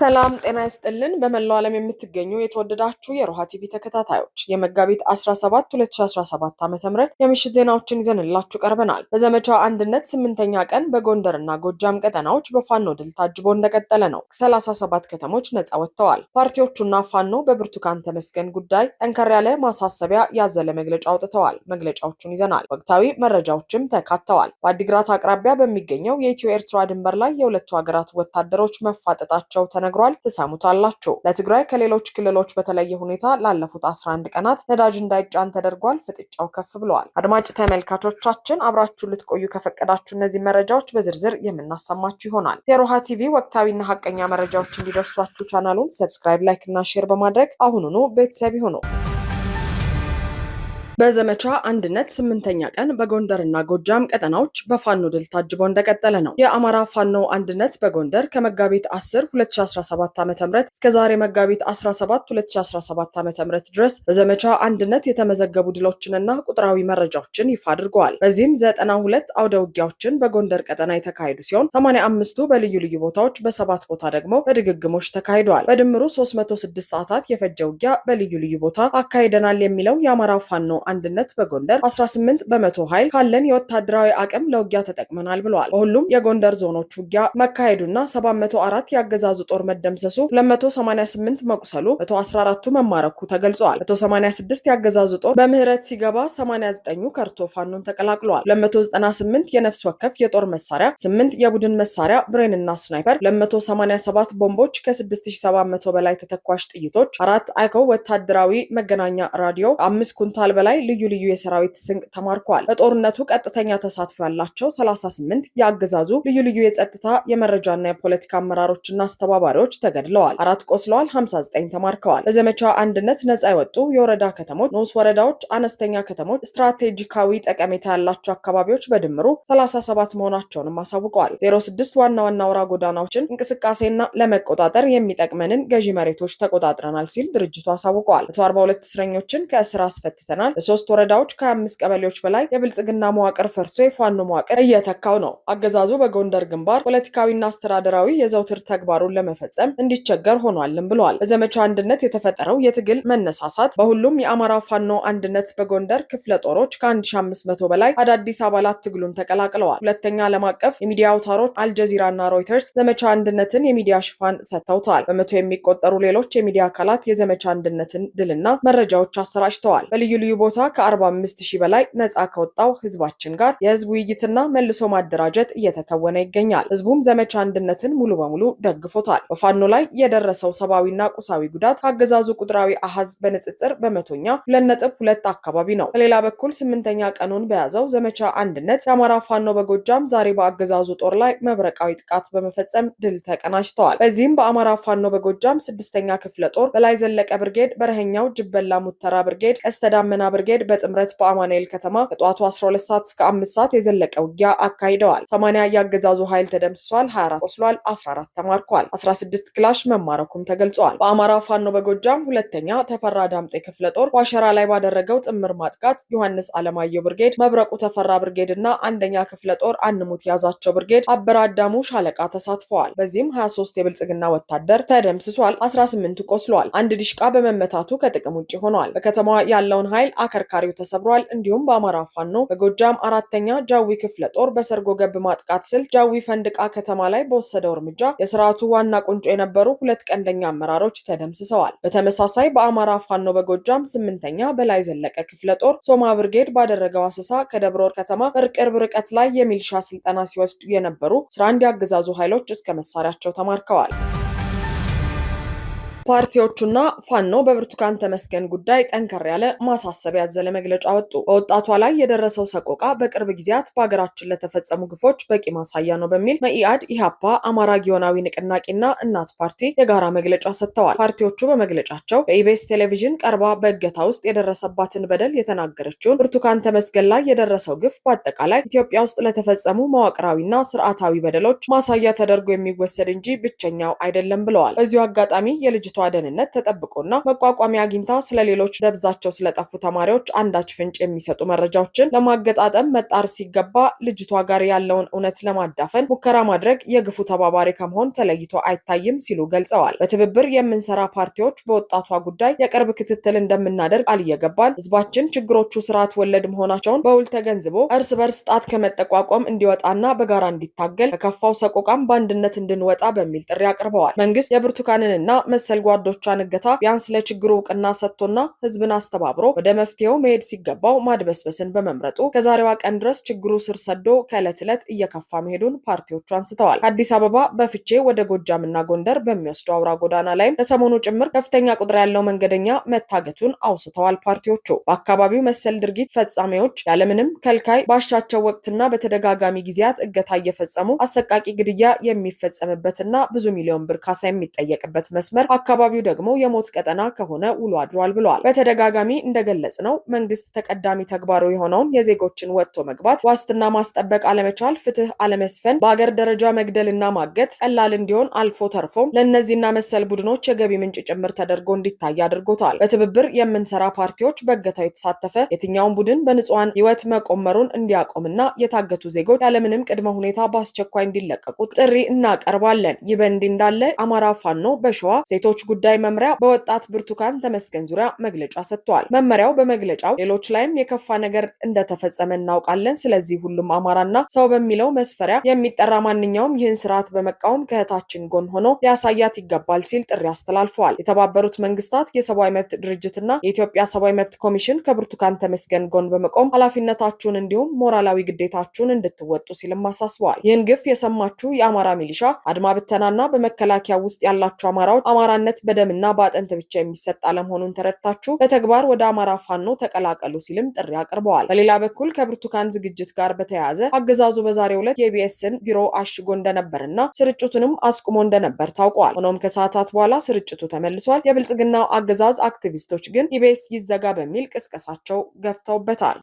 ሰላም ጤና ይስጥልን። በመላው ዓለም የምትገኙ የተወደዳችሁ የሮሃ ቲቪ ተከታታዮች የመጋቢት 17 2017 ዓ ም የምሽት ዜናዎችን ይዘንላችሁ ቀርበናል። በዘመቻ አንድነት ስምንተኛ ቀን በጎንደርና ጎጃም ቀጠናዎች በፋኖ ድል ታጅቦ እንደቀጠለ ነው። 37 ከተሞች ነጻ ወጥተዋል። ፓርቲዎቹና ፋኖ በብርቱካን ተመስገን ጉዳይ ጠንከር ያለ ማሳሰቢያ ያዘለ መግለጫ አውጥተዋል። መግለጫዎቹን ይዘናል። ወቅታዊ መረጃዎችም ተካተዋል። በአዲግራት አቅራቢያ በሚገኘው የኢትዮ ኤርትራ ድንበር ላይ የሁለቱ ሀገራት ወታደሮች መፋጠጣቸው ተነ ተነግሯል። ትሰሙታላችሁ። ለትግራይ ከሌሎች ክልሎች በተለየ ሁኔታ ላለፉት 11 ቀናት ነዳጅ እንዳይጫን ተደርጓል። ፍጥጫው ከፍ ብለዋል። አድማጭ ተመልካቾቻችን አብራችሁ ልትቆዩ ከፈቀዳችሁ እነዚህ መረጃዎች በዝርዝር የምናሰማችሁ ይሆናል። የሮሃ ቲቪ ወቅታዊና ሀቀኛ መረጃዎች እንዲደርሷችሁ ቻናሉን ሰብስክራይብ፣ ላይክ እና ሼር በማድረግ አሁኑኑ ቤተሰብ ይሁኑ። በዘመቻ አንድነት ስምንተኛ ቀን በጎንደርና ጎጃም ቀጠናዎች በፋኖ ድል ታጅቦ እንደቀጠለ ነው። የአማራ ፋኖ አንድነት በጎንደር ከመጋቢት 10 2017 ዓ ም እስከ ዛሬ መጋቢት 17 2017 ዓ ም ድረስ በዘመቻ አንድነት የተመዘገቡ ድሎችንና ቁጥራዊ መረጃዎችን ይፋ አድርገዋል። በዚህም 92 አውደ ውጊያዎችን በጎንደር ቀጠና የተካሄዱ ሲሆን 85ቱ በልዩ ልዩ ቦታዎች፣ በሰባት ቦታ ደግሞ በድግግሞች ተካሂደዋል። በድምሩ 306 ሰዓታት የፈጀ ውጊያ በልዩ ልዩ ቦታ አካሂደናል የሚለው የአማራ ፋኖ አንድነት በጎንደር 18 በመቶ ኃይል ካለን የወታደራዊ አቅም ለውጊያ ተጠቅመናል ብለዋል። በሁሉም የጎንደር ዞኖች ውጊያ መካሄዱና 704 የአገዛዙ ጦር መደምሰሱ፣ 288 መቁሰሉ፣ 114ቱ መማረኩ ተገልጿል። 186 የአገዛዙ ጦር በምህረት ሲገባ 89ኙ ከርቶ ፋኖን ተቀላቅለዋል። 298 የነፍስ ወከፍ የጦር መሳሪያ፣ 8 የቡድን መሳሪያ ብሬንና ስናይፐር፣ 287 ቦምቦች ከ6700 በላይ ተተኳሽ ጥይቶች፣ አራት አይኮ ወታደራዊ መገናኛ ራዲዮ፣ አምስት ኩንታል በላይ ልዩ ልዩ የሰራዊት ስንቅ ተማርከዋል። በጦርነቱ ቀጥተኛ ተሳትፎ ያላቸው 38 የአገዛዙ ልዩ ልዩ የጸጥታ የመረጃና የፖለቲካ አመራሮችና አስተባባሪዎች ተገድለዋል። አራት ቆስለዋል። 59 ተማርከዋል። በዘመቻ አንድነት ነጻ የወጡ የወረዳ ከተሞች፣ ንዑስ ወረዳዎች፣ አነስተኛ ከተሞች፣ ስትራቴጂካዊ ጠቀሜታ ያላቸው አካባቢዎች በድምሩ 37 መሆናቸውንም አሳውቀዋል። 06 ዋና ዋና አውራ ጎዳናዎችን እንቅስቃሴና ለመቆጣጠር የሚጠቅመንን ገዢ መሬቶች ተቆጣጥረናል ሲል ድርጅቱ አሳውቀዋል። 142 እስረኞችን ከእስር አስፈትተናል። በሶስት ወረዳዎች ከ25 ቀበሌዎች በላይ የብልጽግና መዋቅር ፈርሶ የፋኖ መዋቅር እየተካው ነው። አገዛዙ በጎንደር ግንባር ፖለቲካዊና አስተዳደራዊ የዘውትር ተግባሩን ለመፈጸም እንዲቸገር ሆኗልም ብለዋል። በዘመቻ አንድነት የተፈጠረው የትግል መነሳሳት በሁሉም የአማራ ፋኖ አንድነት በጎንደር ክፍለ ጦሮች ከ1500 በላይ አዳዲስ አባላት ትግሉን ተቀላቅለዋል። ሁለተኛ ዓለም አቀፍ የሚዲያ አውታሮች አልጀዚራና ሮይተርስ ዘመቻ አንድነትን የሚዲያ ሽፋን ሰጥተውታል። በመቶ የሚቆጠሩ ሌሎች የሚዲያ አካላት የዘመቻ አንድነትን ድልና መረጃዎች አሰራጭተዋል። በልዩ ልዩ ቦታ ቦታ ከ45 ሺህ በላይ ነጻ ከወጣው ህዝባችን ጋር የህዝብ ውይይትና መልሶ ማደራጀት እየተከወነ ይገኛል። ህዝቡም ዘመቻ አንድነትን ሙሉ በሙሉ ደግፎታል። በፋኖ ላይ የደረሰው ሰብአዊና ቁሳዊ ጉዳት አገዛዙ ቁጥራዊ አሃዝ በንጽጽር በመቶኛ ሁለት ነጥብ ሁለት አካባቢ ነው። በሌላ በኩል ስምንተኛ ቀኑን በያዘው ዘመቻ አንድነት የአማራ ፋኖ በጎጃም ዛሬ በአገዛዙ ጦር ላይ መብረቃዊ ጥቃት በመፈጸም ድል ተቀናጅተዋል። በዚህም በአማራ ፋኖ በጎጃም ስድስተኛ ክፍለ ጦር በላይ ዘለቀ ብርጌድ፣ በረኸኛው ጅበላ ሙተራ ብርጌድ፣ ቀስተዳመና ብርጌድ ብርጌድ በጥምረት በአማኑኤል ከተማ ከጠዋቱ 12 ሰዓት እስከ 5 ሰዓት የዘለቀ ውጊያ አካሂደዋል። 80 የአገዛዙ ኃይል ተደምስሷል፣ 24 ቆስሏል፣ 14 ተማርኳል፣ 16 ክላሽ መማረኩም ተገልጿል። በአማራ ፋኖ በጎጃም ሁለተኛ ተፈራ ዳምጤ ክፍለ ጦር ዋሸራ ላይ ባደረገው ጥምር ማጥቃት ዮሐንስ አለማየሁ ብርጌድ፣ መብረቁ ተፈራ ብርጌድ እና አንደኛ ክፍለ ጦር አንሙት ያዛቸው ብርጌድ አበራዳሙ ሻለቃ ተሳትፈዋል። በዚህም 23 የብልጽግና ወታደር ተደምስሷል፣ 18ቱ ቆስሏል፣ አንድ ዲሽቃ በመመታቱ ከጥቅም ውጭ ሆኗል። በከተማዋ ያለውን ኃይል አከርካሪው ተሰብሯል። እንዲሁም በአማራ ፋኖ በጎጃም አራተኛ ጃዊ ክፍለ ጦር በሰርጎ ገብ ማጥቃት ስል ጃዊ ፈንድቃ ከተማ ላይ በወሰደው እርምጃ የስርዓቱ ዋና ቁንጮ የነበሩ ሁለት ቀንደኛ አመራሮች ተደምስሰዋል። በተመሳሳይ በአማራ ፋኖ በጎጃም ስምንተኛ በላይ ዘለቀ ክፍለ ጦር ሶማ ብርጌድ ባደረገው አሰሳ ከደብረ ወር ከተማ በቅርብ ርቀት ላይ የሚልሻ ስልጠና ሲወስድ የነበሩ ስራ እንዲያገዛዙ ኃይሎች እስከ መሳሪያቸው ተማርከዋል። ፓርቲዎቹና ፋኖ በብርቱካን ተመስገን ጉዳይ ጠንከር ያለ ማሳሰቢያ ያዘለ መግለጫ ወጡ። በወጣቷ ላይ የደረሰው ሰቆቃ በቅርብ ጊዜያት በሀገራችን ለተፈጸሙ ግፎች በቂ ማሳያ ነው በሚል መኢአድ፣ ኢሃፓ፣ አማራ ጊዮናዊ ንቅናቄና እናት ፓርቲ የጋራ መግለጫ ሰጥተዋል። ፓርቲዎቹ በመግለጫቸው በኢቤስ ቴሌቪዥን ቀርባ በእገታ ውስጥ የደረሰባትን በደል የተናገረችውን ብርቱካን ተመስገን ላይ የደረሰው ግፍ በአጠቃላይ ኢትዮጵያ ውስጥ ለተፈጸሙ መዋቅራዊና ስርዓታዊ በደሎች ማሳያ ተደርጎ የሚወሰድ እንጂ ብቸኛው አይደለም ብለዋል። በዚሁ አጋጣሚ የልጅቷ የትምህርቷ ደህንነት ተጠብቆና መቋቋሚያ አግኝታ ስለሌሎች ደብዛቸው ስለጠፉ ተማሪዎች አንዳች ፍንጭ የሚሰጡ መረጃዎችን ለማገጣጠም መጣር ሲገባ ልጅቷ ጋር ያለውን እውነት ለማዳፈን ሙከራ ማድረግ የግፉ ተባባሪ ከመሆን ተለይቶ አይታይም ሲሉ ገልጸዋል። በትብብር የምንሰራ ፓርቲዎች በወጣቷ ጉዳይ የቅርብ ክትትል እንደምናደርግ አልየገባን ህዝባችን ችግሮቹ ስርዓት ወለድ መሆናቸውን በውል ተገንዝቦ እርስ በርስ ጣት ከመጠቋቋም እንዲወጣና በጋራ እንዲታገል ከከፋው ሰቆቃም በአንድነት እንድንወጣ በሚል ጥሪ አቅርበዋል። መንግስት የብርቱካንንና መሰል የጓዶቿን እገታ ቢያንስ ለችግሩ እውቅና ሰጥቶና ህዝብን አስተባብሮ ወደ መፍትሄው መሄድ ሲገባው ማድበስበስን በመምረጡ ከዛሬዋ ቀን ድረስ ችግሩ ስር ሰዶ ከዕለት ዕለት እየከፋ መሄዱን ፓርቲዎቹ አንስተዋል። ከአዲስ አበባ በፍቼ ወደ ጎጃምና ጎንደር በሚወስዱ አውራ ጎዳና ላይም ከሰሞኑ ጭምር ከፍተኛ ቁጥር ያለው መንገደኛ መታገቱን አውስተዋል። ፓርቲዎቹ በአካባቢው መሰል ድርጊት ፈጻሚዎች ያለምንም ከልካይ ባሻቸው ወቅትና በተደጋጋሚ ጊዜያት እገታ እየፈጸሙ አሰቃቂ ግድያ የሚፈጸምበትና ብዙ ሚሊዮን ብር ካሳ የሚጠየቅበት መስመር አካባቢ አካባቢው ደግሞ የሞት ቀጠና ከሆነ ውሎ አድሯል ብለዋል። በተደጋጋሚ እንደገለጽ ነው መንግስት ተቀዳሚ ተግባሩ የሆነውን የዜጎችን ወጥቶ መግባት ዋስትና ማስጠበቅ አለመቻል፣ ፍትህ አለመስፈን፣ በአገር ደረጃ መግደልና ማገት ቀላል እንዲሆን አልፎ ተርፎም ለእነዚህና መሰል ቡድኖች የገቢ ምንጭ ጭምር ተደርጎ እንዲታይ አድርጎታል። በትብብር የምንሰራ ፓርቲዎች በእገታው የተሳተፈ የትኛውን ቡድን በንጹሐን ህይወት መቆመሩን እንዲያቆምና የታገቱ ዜጎች ያለምንም ቅድመ ሁኔታ በአስቸኳይ እንዲለቀቁ ጥሪ እናቀርባለን። ይህ በእንዲህ እንዳለ አማራ ፋኖ በሸዋ ሴቶች ጉዳይ መምሪያ በወጣት ብርቱካን ተመስገን ዙሪያ መግለጫ ሰጥቷል። መመሪያው በመግለጫው ሌሎች ላይም የከፋ ነገር እንደተፈጸመ እናውቃለን። ስለዚህ ሁሉም አማራና ሰው በሚለው መስፈሪያ የሚጠራ ማንኛውም ይህን ስርዓት በመቃወም ከእህታችን ጎን ሆኖ ሊያሳያት ይገባል ሲል ጥሪ አስተላልፈዋል። የተባበሩት መንግስታት የሰብአዊ መብት ድርጅትና የኢትዮጵያ ሰብአዊ መብት ኮሚሽን ከብርቱካን ተመስገን ጎን በመቆም ኃላፊነታችሁን እንዲሁም ሞራላዊ ግዴታችሁን እንድትወጡ ሲልም አሳስበዋል። ይህን ግፍ የሰማችሁ የአማራ ሚሊሻ አድማ ብተናና በመከላከያ ውስጥ ያላችሁ አማራዎች አማራነት በዋናነት በደምና በአጥንት ብቻ የሚሰጥ አለመሆኑን ተረድታችሁ በተግባር ወደ አማራ ፋኖ ተቀላቀሉ ሲልም ጥሪ አቅርበዋል። በሌላ በኩል ከብርቱካን ዝግጅት ጋር በተያያዘ አገዛዙ በዛሬው ዕለት የቢኤስን ቢሮ አሽጎ እንደነበርና ስርጭቱንም አስቁሞ እንደነበር ታውቋል። ሆኖም ከሰዓታት በኋላ ስርጭቱ ተመልሷል። የብልጽግናው አገዛዝ አክቲቪስቶች ግን ኢቢኤስ ይዘጋ በሚል ቅስቀሳቸው ገፍተውበታል።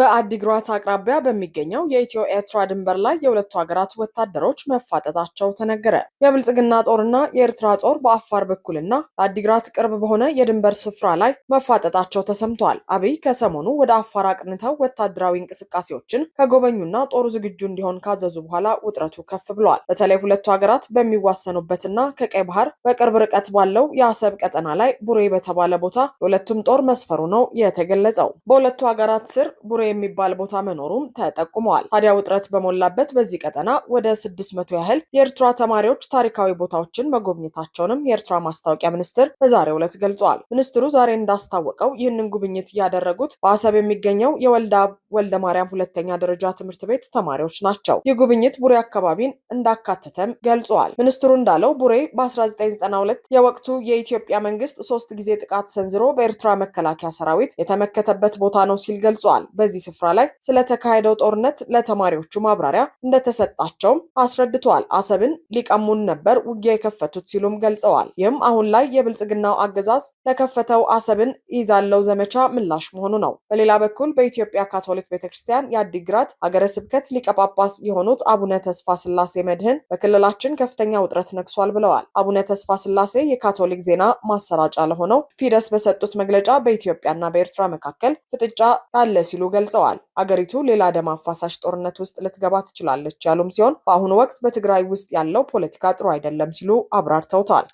በአዲግራት አቅራቢያ በሚገኘው የኢትዮ ኤርትራ ድንበር ላይ የሁለቱ ሀገራት ወታደሮች መፋጠጣቸው ተነገረ። የብልጽግና ጦርና የኤርትራ ጦር በአፋር በኩልና ለአዲግራት ቅርብ በሆነ የድንበር ስፍራ ላይ መፋጠጣቸው ተሰምቷል። አብይ ከሰሞኑ ወደ አፋር አቅንተው ወታደራዊ እንቅስቃሴዎችን ከጎበኙና ጦሩ ዝግጁ እንዲሆን ካዘዙ በኋላ ውጥረቱ ከፍ ብሏል። በተለይ ሁለቱ ሀገራት በሚዋሰኑበትና ከቀይ ባህር በቅርብ ርቀት ባለው የአሰብ ቀጠና ላይ ቡሬ በተባለ ቦታ የሁለቱም ጦር መስፈሩ ነው የተገለጸው። በሁለቱ ሀገራት ስር ቡሬ የሚባል ቦታ መኖሩም ተጠቁመዋል። ታዲያ ውጥረት በሞላበት በዚህ ቀጠና ወደ ስድስት መቶ ያህል የኤርትራ ተማሪዎች ታሪካዊ ቦታዎችን መጎብኘታቸውንም የኤርትራ ማስታወቂያ ሚኒስትር በዛሬው ዕለት ገልጿል። ሚኒስትሩ ዛሬ እንዳስታወቀው ይህንን ጉብኝት ያደረጉት በአሰብ የሚገኘው የወልዳ ወልደ ማርያም ሁለተኛ ደረጃ ትምህርት ቤት ተማሪዎች ናቸው። ይህ ጉብኝት ቡሬ አካባቢን እንዳካተተም ገልጿል። ሚኒስትሩ እንዳለው ቡሬ በ1992 የወቅቱ የኢትዮጵያ መንግስት ሶስት ጊዜ ጥቃት ሰንዝሮ በኤርትራ መከላከያ ሰራዊት የተመከተበት ቦታ ነው ሲል ገልጿል። በዚህ በዚህ ስፍራ ላይ ስለተካሄደው ጦርነት ለተማሪዎቹ ማብራሪያ እንደተሰጣቸውም አስረድተዋል። አሰብን ሊቀሙን ነበር ውጊያ የከፈቱት ሲሉም ገልጸዋል። ይህም አሁን ላይ የብልጽግናው አገዛዝ ለከፈተው አሰብን ይዛለው ዘመቻ ምላሽ መሆኑ ነው። በሌላ በኩል በኢትዮጵያ ካቶሊክ ቤተክርስቲያን የአዲግራት ሀገረ ስብከት ሊቀ ጳጳስ የሆኑት አቡነ ተስፋ ስላሴ መድህን በክልላችን ከፍተኛ ውጥረት ነግሷል ብለዋል። አቡነ ተስፋ ስላሴ የካቶሊክ ዜና ማሰራጫ ለሆነው ፊደስ በሰጡት መግለጫ በኢትዮጵያና በኤርትራ መካከል ፍጥጫ አለ ሲሉ ገልጸዋል። ገልጸዋል። አገሪቱ ሌላ ደም አፋሳሽ ጦርነት ውስጥ ልትገባ ትችላለች ያሉም ሲሆን በአሁኑ ወቅት በትግራይ ውስጥ ያለው ፖለቲካ ጥሩ አይደለም ሲሉ አብራርተውታል።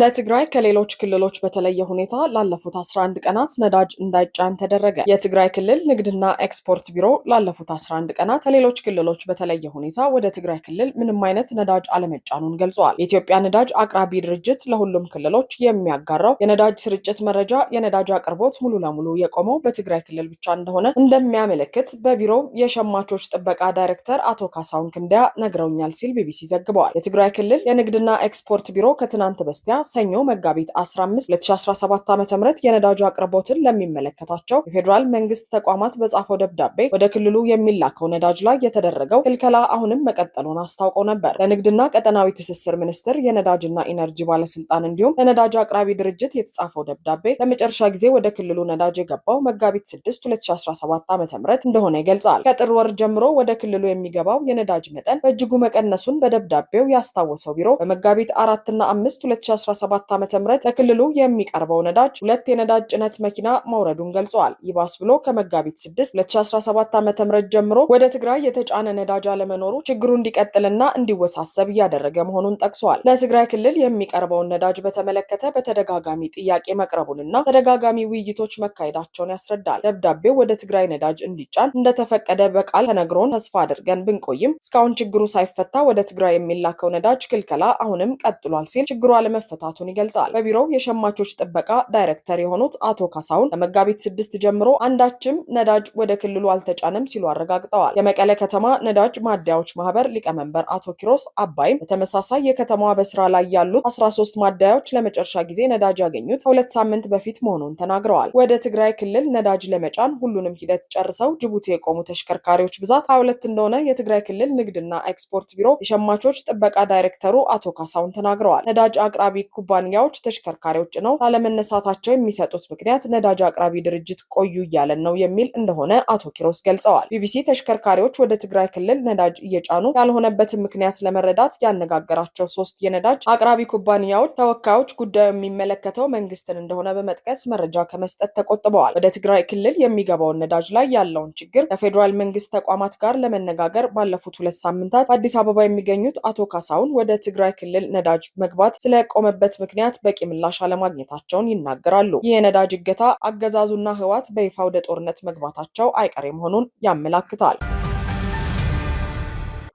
ለትግራይ ከሌሎች ክልሎች በተለየ ሁኔታ ላለፉት 11 ቀናት ነዳጅ እንዳይጫን ተደረገ። የትግራይ ክልል ንግድና ኤክስፖርት ቢሮ ላለፉት 11 ቀናት ከሌሎች ክልሎች በተለየ ሁኔታ ወደ ትግራይ ክልል ምንም አይነት ነዳጅ አለመጫኑን ገልጿል። የኢትዮጵያ ነዳጅ አቅራቢ ድርጅት ለሁሉም ክልሎች የሚያጋራው የነዳጅ ስርጭት መረጃ የነዳጅ አቅርቦት ሙሉ ለሙሉ የቆመው በትግራይ ክልል ብቻ እንደሆነ እንደሚያመለክት በቢሮው የሸማቾች ጥበቃ ዳይሬክተር አቶ ካሳሁን ክንዳያ ነግረውኛል ሲል ቢቢሲ ዘግበዋል። የትግራይ ክልል የንግድና ኤክስፖርት ቢሮ ከትናንት በስቲያ ሰኞ መጋቢት 15 2017 ዓ ም የነዳጅ አቅርቦትን ለሚመለከታቸው የፌዴራል መንግስት ተቋማት በጻፈው ደብዳቤ ወደ ክልሉ የሚላከው ነዳጅ ላይ የተደረገው ክልከላ አሁንም መቀጠሉን አስታውቀው ነበር። ለንግድና ቀጠናዊ ትስስር ሚኒስቴር የነዳጅና ኢነርጂ ባለስልጣን እንዲሁም ለነዳጅ አቅራቢ ድርጅት የተጻፈው ደብዳቤ ለመጨረሻ ጊዜ ወደ ክልሉ ነዳጅ የገባው መጋቢት 6 2017 ዓ ም እንደሆነ ይገልጻል። ከጥር ወር ጀምሮ ወደ ክልሉ የሚገባው የነዳጅ መጠን በእጅጉ መቀነሱን በደብዳቤው ያስታወሰው ቢሮ በመጋቢት እና 5 2017 2017 ዓ ም ለክልሉ የሚቀርበው ነዳጅ ሁለት የነዳጅ ጭነት መኪና መውረዱን ገልጸዋል። ይባስ ብሎ ከመጋቢት 6 2017 ዓ ም ጀምሮ ወደ ትግራይ የተጫነ ነዳጅ አለመኖሩ ችግሩ እንዲቀጥልና እንዲወሳሰብ እያደረገ መሆኑን ጠቅሷል። ለትግራይ ክልል የሚቀርበውን ነዳጅ በተመለከተ በተደጋጋሚ ጥያቄ መቅረቡንና ተደጋጋሚ ውይይቶች መካሄዳቸውን ያስረዳል። ደብዳቤው ወደ ትግራይ ነዳጅ እንዲጫን እንደተፈቀደ በቃል ተነግሮን ተስፋ አድርገን ብንቆይም እስካሁን ችግሩ ሳይፈታ ወደ ትግራይ የሚላከው ነዳጅ ክልከላ አሁንም ቀጥሏል ሲል ችግሩ አለመፈታ መፈታቱን ይገልጻል። በቢሮው የሸማቾች ጥበቃ ዳይሬክተር የሆኑት አቶ ካሳሁን ከመጋቢት ስድስት ጀምሮ አንዳችም ነዳጅ ወደ ክልሉ አልተጫነም ሲሉ አረጋግጠዋል። የመቀለ ከተማ ነዳጅ ማደያዎች ማህበር ሊቀመንበር አቶ ኪሮስ አባይም በተመሳሳይ የከተማዋ በስራ ላይ ያሉት 13 ማደያዎች ለመጨረሻ ጊዜ ነዳጅ ያገኙት ከሁለት ሳምንት በፊት መሆኑን ተናግረዋል። ወደ ትግራይ ክልል ነዳጅ ለመጫን ሁሉንም ሂደት ጨርሰው ጅቡቲ የቆሙ ተሽከርካሪዎች ብዛት 22 እንደሆነ የትግራይ ክልል ንግድና ኤክስፖርት ቢሮ የሸማቾች ጥበቃ ዳይሬክተሩ አቶ ካሳሁን ተናግረዋል። ነዳጅ አቅራቢ ኩባንያዎች ተሽከርካሪዎች ነው። ላለመነሳታቸው የሚሰጡት ምክንያት ነዳጅ አቅራቢ ድርጅት ቆዩ እያለን ነው የሚል እንደሆነ አቶ ኪሮስ ገልጸዋል። ቢቢሲ ተሽከርካሪዎች ወደ ትግራይ ክልል ነዳጅ እየጫኑ ያልሆነበትን ምክንያት ለመረዳት ያነጋገራቸው ሶስት የነዳጅ አቅራቢ ኩባንያዎች ተወካዮች ጉዳዩ የሚመለከተው መንግስትን እንደሆነ በመጥቀስ መረጃ ከመስጠት ተቆጥበዋል። ወደ ትግራይ ክልል የሚገባውን ነዳጅ ላይ ያለውን ችግር ከፌዴራል መንግስት ተቋማት ጋር ለመነጋገር ባለፉት ሁለት ሳምንታት በአዲስ አበባ የሚገኙት አቶ ካሳሁን ወደ ትግራይ ክልል ነዳጅ መግባት ስለቆመበት በሆነበት ምክንያት በቂ ምላሽ አለማግኘታቸውን ይናገራሉ። ይህ የነዳጅ እገታ አገዛዙና ህወሓት በይፋ ወደ ጦርነት መግባታቸው አይቀሬ መሆኑን ያመላክታል።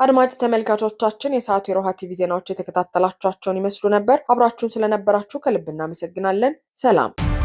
አድማጭ ተመልካቾቻችን የሰዓቱ የሮሃ ቲቪ ዜናዎች የተከታተላችኋቸውን ይመስሉ ነበር። አብራችሁን ስለነበራችሁ ከልብ እናመሰግናለን። ሰላም